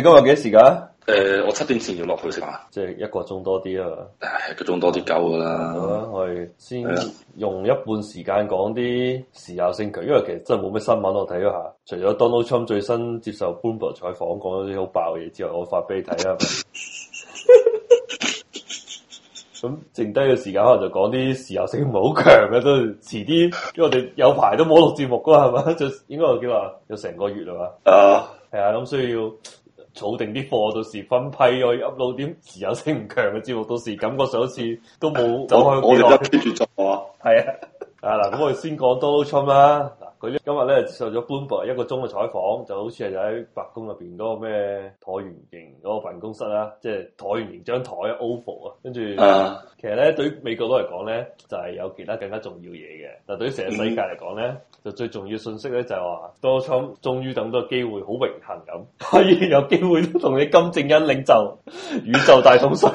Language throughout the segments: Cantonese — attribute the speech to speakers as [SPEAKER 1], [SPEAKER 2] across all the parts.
[SPEAKER 1] 你今日幾多時間？誒、呃，我七點前要落去食飯，即係一個鐘多啲啊！誒，一個鐘多啲夠噶啦。我哋先用一半時間講啲時效性強，因為其實真係冇咩新聞我睇咗下，除咗 Donald Trump 最新接受 Bloomberg 採訪講咗啲好爆嘅嘢之外，我發俾你睇啊。咁 剩低嘅時間可能就講啲時效性唔係好強嘅都遲，遲啲因為我哋有排都冇錄節目噶嘛，係嘛？就 應該話叫話有成個月啦嘛。啊，係啊，咁需要。儲定啲貨，到時分批，去 up 到啲持有性唔強嘅節目，到時感覺上好似都冇走開 我。我哋就跟住做啊！係 啊，啊嗱，咁我哋先講刀刀春啦，啊。佢今日咧受咗半部一個鐘嘅採訪，就好似係喺白宮入邊嗰個咩橢圓形嗰個辦公室啦，即係橢圓形張台啊，oval 啊，跟住，uh, 其實咧對於美國都嚟講咧就係、是、有其他更加重要嘢嘅，但係對於成個世界嚟講咧，mm. 就最重要嘅信息咧就係話，多倉終於等到機會，好榮幸咁可以有機會同你金正恩領袖宇宙大桶水，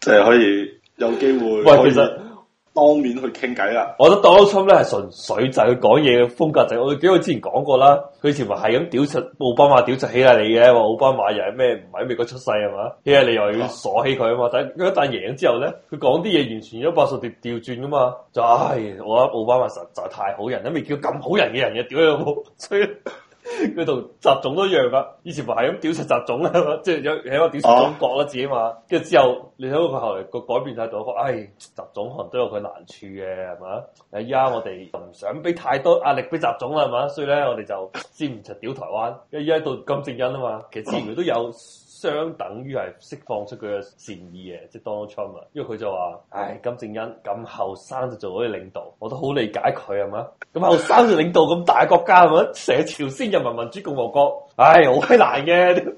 [SPEAKER 1] 即
[SPEAKER 2] 係 可以有機會，喂，其實，當面去傾偈
[SPEAKER 1] 啦！我覺得 Donald Trump 咧係純粹就係佢講嘢嘅風格就係、是，我記得佢之前講過啦。佢以前話係咁屌出奧巴馬屌起起你，屌出希拉里嘅，話奧巴馬又係咩唔係美國出世係嘛？希拉里又要鎖起佢啊嘛！但係一旦贏咗之後咧，佢講啲嘢完全一百八十度調轉噶嘛，就係、哎、我覺得奧巴馬實，實在太好人，都未叫咁好人嘅人嘅，屌佢老！佢同習總都一樣噶，以前咪係咁屌食習總啦，即係、就是、有喺我屌食中國啦，自己嘛，跟住之後，你睇到佢後嚟個改變態度，話唉習總可能都有佢難處嘅，係嘛？誒依家我哋唔想俾太多壓力俾習總啦，係嘛？所以咧，我哋就先唔出屌台灣，跟住依家到金正恩啊嘛，其實之前佢都有。 相等於係釋放出佢嘅善意嘅，即、就、係、是、Donald Trump 啊，因為佢就話，唉，金正恩咁後生就做咗啲領導，我都好理解佢，係咪啊？咁後生做領導咁大國家，係咪啊？成個朝鮮人民民主共和國，唉，好難嘅。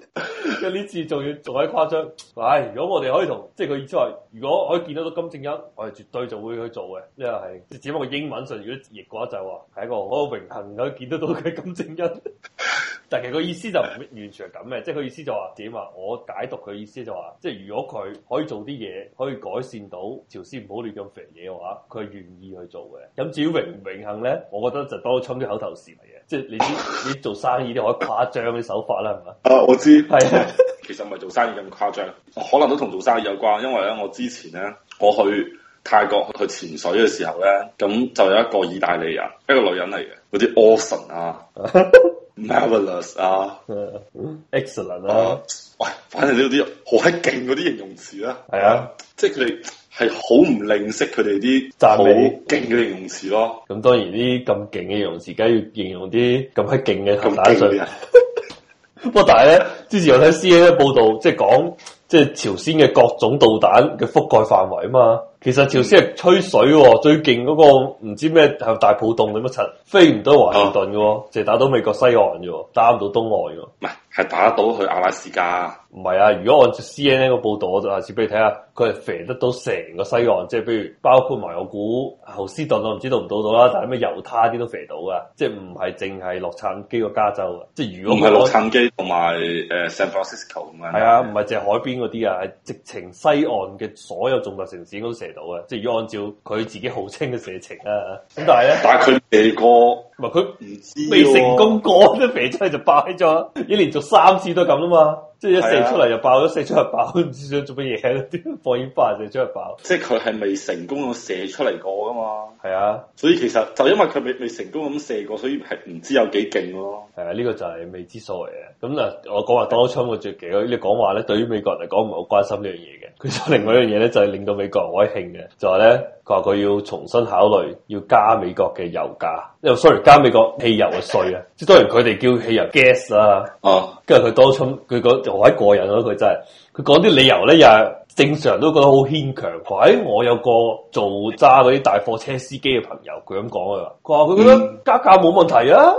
[SPEAKER 1] 有呢 次仲要做鬼誇張。唉，如果我哋可以同，即係佢意思話，如果可以見得到金正恩，我哋絕對就會去做嘅。呢個係只不過英文上如果譯嘅話就話、是、係一個好榮幸可以見得到佢金正恩。 但其實個意思就唔完全係咁嘅，即係佢意思就話、是，點啊？我解讀佢意思就話、是，即係如果佢可以做啲嘢，可以改善到朝鮮唔好亂咁肥嘢嘅話，佢係願意去做嘅。咁至於榮唔榮幸咧，我覺得就多咗川普啲口頭禪嚟嘅，即係你啲你做生意啲好誇張啲手法啦，係嘛 吧？啊，我知係啊。 其實唔係做生意咁誇張，可能都同做生意有關。因
[SPEAKER 2] 為咧，我之前咧，我去泰國去潛水嘅時候咧，咁就有一個意大利人，一個女人嚟嘅，嗰啲 Ocean 啊。 Marvelous 啊、uh，Excellent 啊、uh，喂，反正呢啲好閪勁嗰啲形容詞啦，係啊，即係佢哋係好唔吝嗇佢哋啲讚好勁嘅形容詞咯。
[SPEAKER 1] 咁當然啲咁勁嘅形容詞，梗要形容啲咁閪勁嘅投彈手。 不過但係咧，之前有睇 CNN 報道，即係講即係朝鮮嘅各種導彈嘅覆蓋範圍啊嘛。其實朝鮮係吹水喎，最勁嗰個唔知咩向大浦洞咁樣，飛唔到華盛頓嘅喎，淨係、啊、打到美國西岸啫喎，打唔到東岸嘅。啊係打得到去阿拉斯加，唔係啊！如果按照 C N N 個報道，我就下次俾你睇下，佢係射得到成個西岸，即係譬如包括埋我估侯斯頓，我唔知道唔到到啦，但係咩猶他啲都射到噶，即係唔係淨係洛杉磯個加州啊，即係如果唔係洛杉
[SPEAKER 2] 磯同埋誒 San Francisco
[SPEAKER 1] 咁樣。係啊，唔係淨係海邊嗰啲啊，係直情西岸嘅所有重大城市都射到啊。即係如果按照佢自己號稱嘅射程啊。咁但係咧？但係佢射過，唔係佢唔知未、啊、成功過，都射出嚟就爆咗，一連續。三次都係咁啦嘛。即係射出嚟就爆咗，啊，射出嚟爆，唔知想做乜嘢，點放煙花就出嚟爆，即
[SPEAKER 2] 係佢係未成功咁射出嚟過噶嘛。係啊，所以其實，嗯、就因為佢未未成功咁射過，所以係唔知有幾勁咯。係啊，呢、啊這個就係未知數嚟嘅。
[SPEAKER 1] 咁嗱，我講話特朗普嘅最勁，你講話咧，對於美國人嚟講唔係好關心呢樣嘢嘅。佢另外一樣嘢咧就係令到美國人開興嘅，就係咧佢話佢要重新考慮要加美國嘅油價，又 sorry 加美國汽油嘅稅啊。即係 當然佢哋叫汽油 gas 啊，哦、 啊，跟住佢特朗普，佢好鬼過癮咯！佢、啊、真係，佢講啲理由咧又正常，都覺得好牽強。唉，我有個做揸嗰啲大貨車司機嘅朋友，佢咁講佢話，佢話佢覺得加價冇問題啊，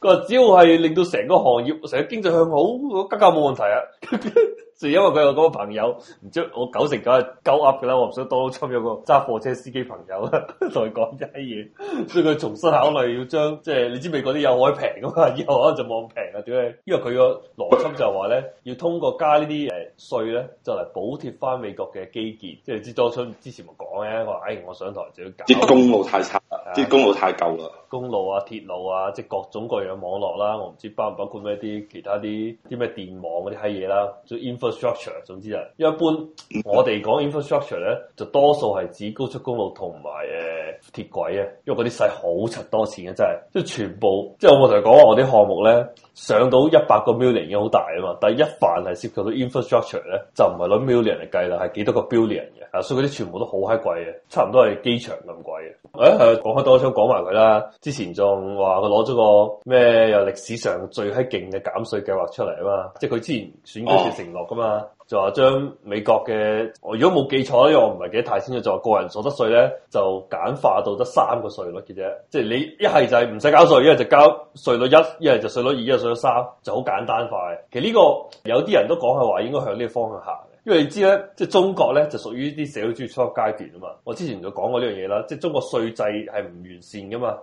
[SPEAKER 1] 佢 話只要係令到成個行業成個經濟向好，加價冇問題啊。 就因為佢有嗰個朋友，唔知我九成九係鳩噏㗎啦，我唔想多侵有個揸貨車司機朋友同佢講啲嘢，所以佢重新考慮要將，即係你知美國啲有海平㗎嘛，以後可能就冇平啊，點解？因為佢個邏輯就係話咧，要通過加呢啲誒稅咧，就嚟補貼翻美國嘅基建，即係知多侵之前咪講咧，我話誒，我上台就要搞啲公路太差，啲、啊、公路太舊啦。公路啊、鐵路啊，即係各種各樣嘅網絡啦。我唔知包唔包括咩啲其他啲啲咩電網嗰啲閪嘢啦。Infrastructure 總之就是，一般我哋講 infrastructure 咧，就多數係指高速公路同埋誒鐵軌啊。因為嗰啲使好柒多錢嘅真係，即係全部。即係我同你講話我啲項目咧，上到一百個 million 已經好大啊嘛。但係一凡係涉及到 infrastructure 咧，就唔係攞 million 嚟計啦，係幾多個 billion 嘅、啊。所以嗰啲全部都好閪貴嘅，差唔多係機場咁貴嘅。誒、哎，講開多，想講埋佢啦。之前仲話佢攞咗個咩又歷史上最閪勁嘅減稅計劃出嚟啊嘛，即係佢之前選舉時承諾噶嘛，就話將美國嘅，我如果冇記錯咧，因為我唔係記得太清楚，就話個人所得稅咧就簡化到得三個稅率嘅啫，即係你一係就係唔使交稅，一係就交稅率一，一係就稅率二，一係稅率三，就好簡單化。其實呢個有啲人都講係話應該向呢個方向行。因為你知咧，即係中國咧就屬於啲社會主義初級階段啊嘛。我之前就講過呢樣嘢啦，即係中國稅制係唔完善噶嘛。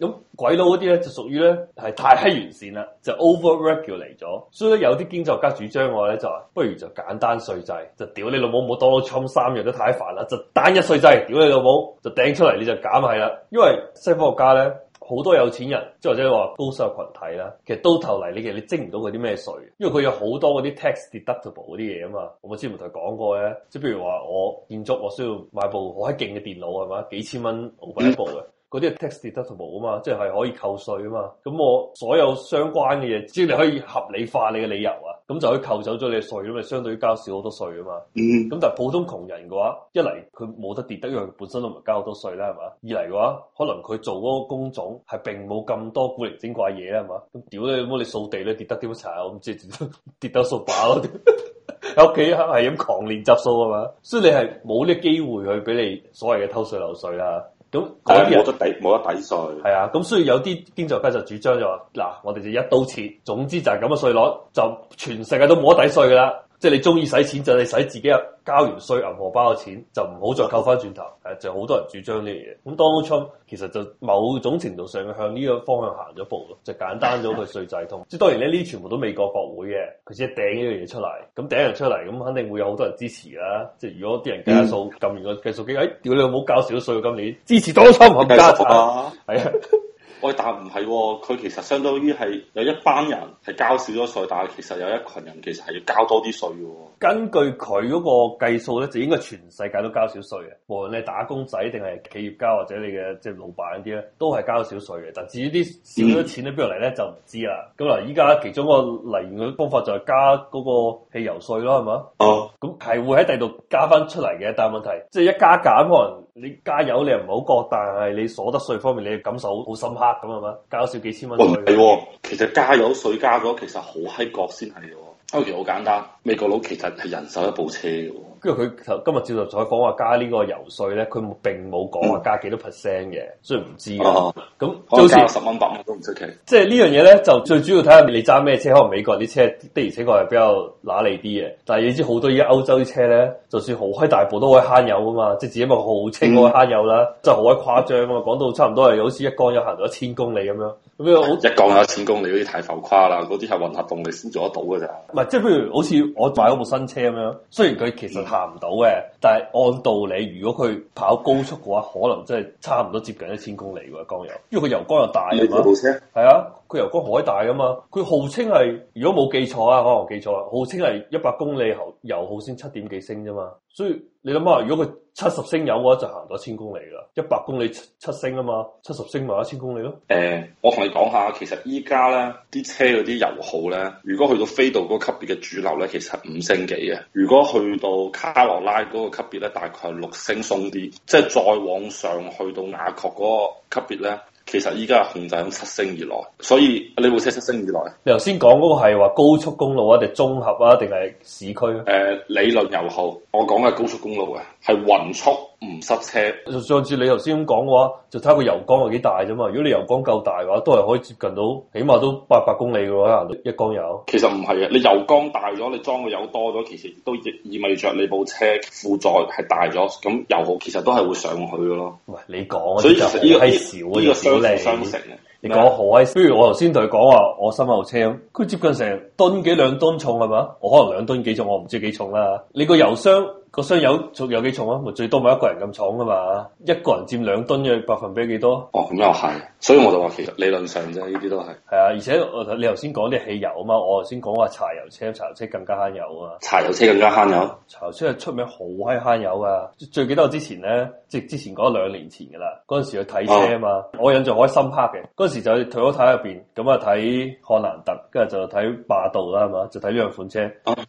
[SPEAKER 1] 咁鬼佬嗰啲咧就屬於咧係太閪完善啦，就 over regulate 嚟咗。所以咧有啲經濟學家主張我咧就話，不如就簡單稅制，就屌你老母冇多到充三樣都太煩啦，就單一稅制，屌你老母就掟出嚟你就減係啦。因為西方國家咧，好多有錢人，即或者話高收入群體啦，其實到頭嚟你其實你，你徵唔到佢啲咩稅，因為佢有好多嗰啲 tax deductible 嗰啲嘢啊嘛。我之前咪同佢講過嘅，即譬如話我建築我需要買部好閪勁嘅電腦係嘛，幾千蚊買一部嘅，嗰啲係 tax deductible 啊嘛，即係可以扣稅啊嘛。咁我所有相關嘅嘢，只要你可以合理化你嘅理由啊。咁就可以扣走咗你稅，咁咪相對於交少好多稅啊嘛。咁但係普通窮人嘅話，一嚟佢冇得跌得，因為佢本身都唔係交好多稅啦，係嘛。二嚟嘅話，可能佢做嗰個工種係並冇咁多古靈精怪嘢啦，係嘛。屌你，咁你掃地咧跌得點柒，我唔知跌得掃把咯，喺屋企係咁狂練執掃啊嘛。所以你係冇呢機會去俾你所謂嘅偷稅漏稅啦。咁嗰啲冇得底，冇得抵稅。係啊，咁所以有啲經濟家就主張就話：嗱，我哋就一刀切，總之就係咁嘅稅率，就全世界都冇得抵稅㗎啦。即係你中意使錢就是，你使自己啊，交完稅銀荷包嘅錢就唔好再扣翻轉頭誒，就好，是，多人主張呢樣嘢。咁特朗普其實就某種程度上向呢個方向行咗步咯，就簡單咗佢稅制通。即係當然咧呢啲全部都未過國會嘅，佢先掟呢樣嘢出嚟，咁掟人出嚟咁肯定會有好多人支持啦，啊。即係如果啲人計下數撳完個計數機，誒，哎，屌你老母，交少稅啊！今年支持特朗普唔加，係啊。是 喂，
[SPEAKER 2] 但唔係喎，佢其實相當於係有一班人係交少咗稅，但係其實有一群人其實係要交多啲稅嘅。
[SPEAKER 1] 根據佢嗰個計數咧，就應該全世界都交少稅嘅，無論你打工仔定係企業家或者你嘅即係老闆嗰啲咧，都係交少稅嘅。但至於啲少咗錢喺邊度嚟咧就唔知啦。咁嗱，依家其中一個嚟源嘅方法就係加嗰個汽油稅咯，係嘛？哦、嗯，咁係會喺第度加翻出嚟嘅，但係問題即係、就是、一加減可能你加油你又唔好覺，但係你所得稅方面你嘅感受好深刻。咁係嘛，加少幾千蚊。
[SPEAKER 2] 喂，唔係，其實加油稅加咗，其實好閪貴先係。因 ok，好簡單。美國佬其實係人手一部車嘅。
[SPEAKER 1] 跟住佢今日接受採訪話加呢個油稅咧，佢並冇講話加幾多 percent 嘅，嗯、雖然唔知。咁、啊、好似十
[SPEAKER 2] 蚊八蚊都唔出奇。
[SPEAKER 1] 即係呢樣嘢咧，就最主要睇下你揸咩車。可能美國啲車的而且確係比較揦脷啲嘅，但係你知好多依家歐洲啲車咧，就算好開大部都好慳油啊嘛，即係自己咪豪稱我慳油啦，真係好鬼誇張啊嘛。講、嗯、到差唔多係好似一缸油行到一千公里咁樣，
[SPEAKER 2] 咁樣好一缸有一千公里嗰啲太浮誇啦，嗰啲係混合動力
[SPEAKER 1] 先做得到㗎咋。唔係，即係譬如好似我買嗰部新車咁樣，雖然佢其實、嗯。行唔到嘅。但係按道理，如果佢跑高速嘅話，可能真係差唔多接近一千公里嘅喎，江油，因為佢油缸又大啊嘛，係啊，佢 油缸海大噶嘛，佢號稱係如果冇記錯啊，可能記錯啊，號稱係一百公里油油耗先七點幾升啫嘛，所以你諗下，如果佢七十升油嘅話，就行到一千公里啦，一百公里七升啊嘛，七十升咪一千公里咯。
[SPEAKER 2] 誒、呃，我同你講下，其實依家咧啲車嗰啲油耗咧，如果去到飛度嗰級別嘅主流咧，其實五升幾啊，如果去到卡羅拉嗰個。級別咧大概六升鬆啲，即係再往上去到雅閣嗰個級別咧，其實依家係控制喺七升以內，所以你部車七升以內。
[SPEAKER 1] 你頭先講嗰個係話高速公路啊，定綜合啊，定係市區？啊？誒、呃，理論油耗，我講嘅高速公路啊，係勻速。唔塞車，上次你頭先咁講嘅話，就睇下個油缸有幾大啫嘛。如果你油缸夠大嘅話，都係可以接近到，起碼都八百公里嘅話，一缸油。
[SPEAKER 2] 其實唔係啊，你油缸大咗，你裝嘅油多咗，其實都意味着你部車負載係大咗，咁油耗其實都係會上去嘅咯。喂，你講嘅就好閪少，呢個相相成。
[SPEAKER 1] 你講好閪，麼不如我頭先同你講話，我新買部車，佢接近成噸幾兩噸重係嘛？我可能兩噸幾重，我唔知幾重啦。你個油箱。個箱有重有幾重啊？咪最多咪一個人咁重啊嘛！一個人佔兩噸嘅百分比幾多？哦，咁又
[SPEAKER 2] 係，所以我就話其實
[SPEAKER 1] 理論上啫，呢啲都係。係啊，而且我你頭先講啲汽油啊嘛，我頭先講話柴油車，柴油車更加慳油啊。柴油車更加慳油。柴油車係出名好閪慳油噶、啊，最記得我之前咧，即係之前講兩年前噶啦，嗰陣時去睇車啊嘛，哦、我印象好深刻嘅，嗰時就去退咗睇入邊，咁啊睇漢蘭特，跟住就睇霸道啦，係嘛，就睇呢兩款車，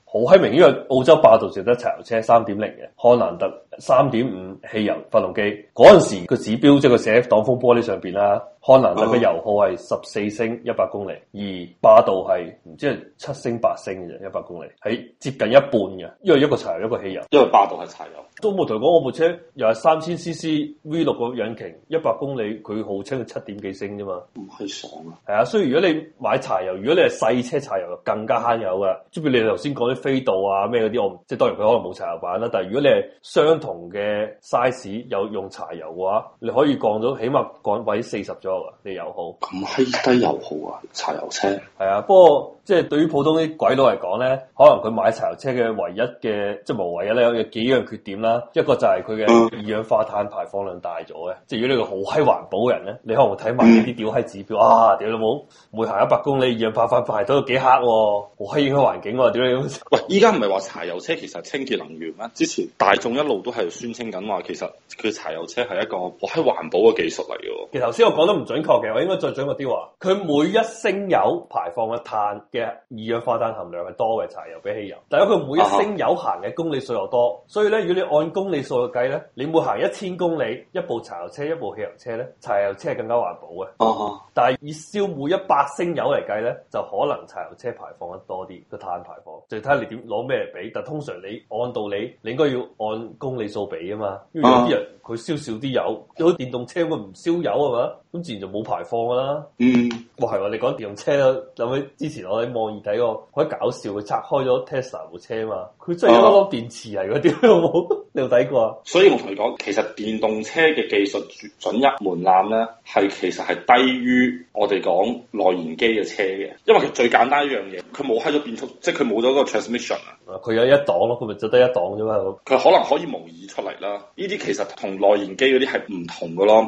[SPEAKER 1] 好閪明，因為澳洲霸道成得柴油車三點。3. 漢蘭特三點五汽油發動機嗰陣時個指標，即係個寫 F 擋風玻璃上邊啦。漢蘭達嘅油耗係十四升一百公里，而霸道係唔知係七升八升嘅啫，一百公里係接近一半嘅。因為一個柴油一個汽油，因為霸道係柴油。都冇同佢講，我部車又係三千 CC V 六個引擎，一百公里佢號稱係七點幾升啫嘛，唔係爽啊！係啊，所以如果你買柴油，如果你係細車柴油，更加慳油嘅。即譬如你頭先講啲飛度啊咩嗰啲，我即係當然佢可能冇柴油版啦。但係如果你係相同嘅 size 有用柴油嘅話，你可以降到起碼降位四十左右。你油好咁閪低油耗啊！柴油車係啊，不過即係對於普通啲鬼佬嚟講咧，可能佢買柴油車嘅唯一嘅即係冇唯一咧，有幾樣缺點啦。一個就係佢嘅二氧化碳排放量大咗嘅。即係如果你個好閪環保嘅人咧，你可能睇埋呢啲屌閪指標，嗯、啊。屌老母！每行一百公里二氧化碳排到幾黑，啊，好閪咁環境，啊，點樣？喂，依家唔係話柴油車其實清潔能源咩？之前大眾
[SPEAKER 2] 一路都係宣稱緊話，其實佢柴油車係一個好閪環保嘅技術嚟嘅。
[SPEAKER 1] 其實頭先我講到。唔準確嘅，我應該再準確啲話，佢每一升油排放嘅碳嘅二氧化碳含量係多嘅柴油比汽油。但係佢每一升油行嘅公里數又多，所以咧，如果你按公里數去計咧，你每行一千公里，一部柴油車、一部汽油車咧，柴油車係更加環保嘅。啊、哈 但係以燒每一百升油嚟計咧，就可能柴油車排放得多啲個碳排放。就係睇下你點攞咩嚟比，但通常你按道理你應該要按公里數比啊嘛。因為有啲人佢燒少啲油，有啲電動車會唔燒油係嘛？咁之前就冇排放噶啦。嗯，哇係喎，你講電動車啦，諗起之前我喺網易睇個好搞笑，佢拆開咗 Tesla 部車嘛，佢真係好多電池嚟嗰啲，啊、 你有睇過啊？
[SPEAKER 2] 所以我同你講，其實電動車嘅技術准入門檻咧，係其實係低於我哋講內燃機嘅車嘅，因為佢最簡單一樣嘢，佢冇開咗變速，即係佢冇咗嗰個 transmission 啊。
[SPEAKER 1] 佢有一檔咯，佢咪就得一檔啫嘛。
[SPEAKER 2] 佢可能可以模擬出嚟啦。呢啲其實內機同內燃機嗰啲係唔同噶咯。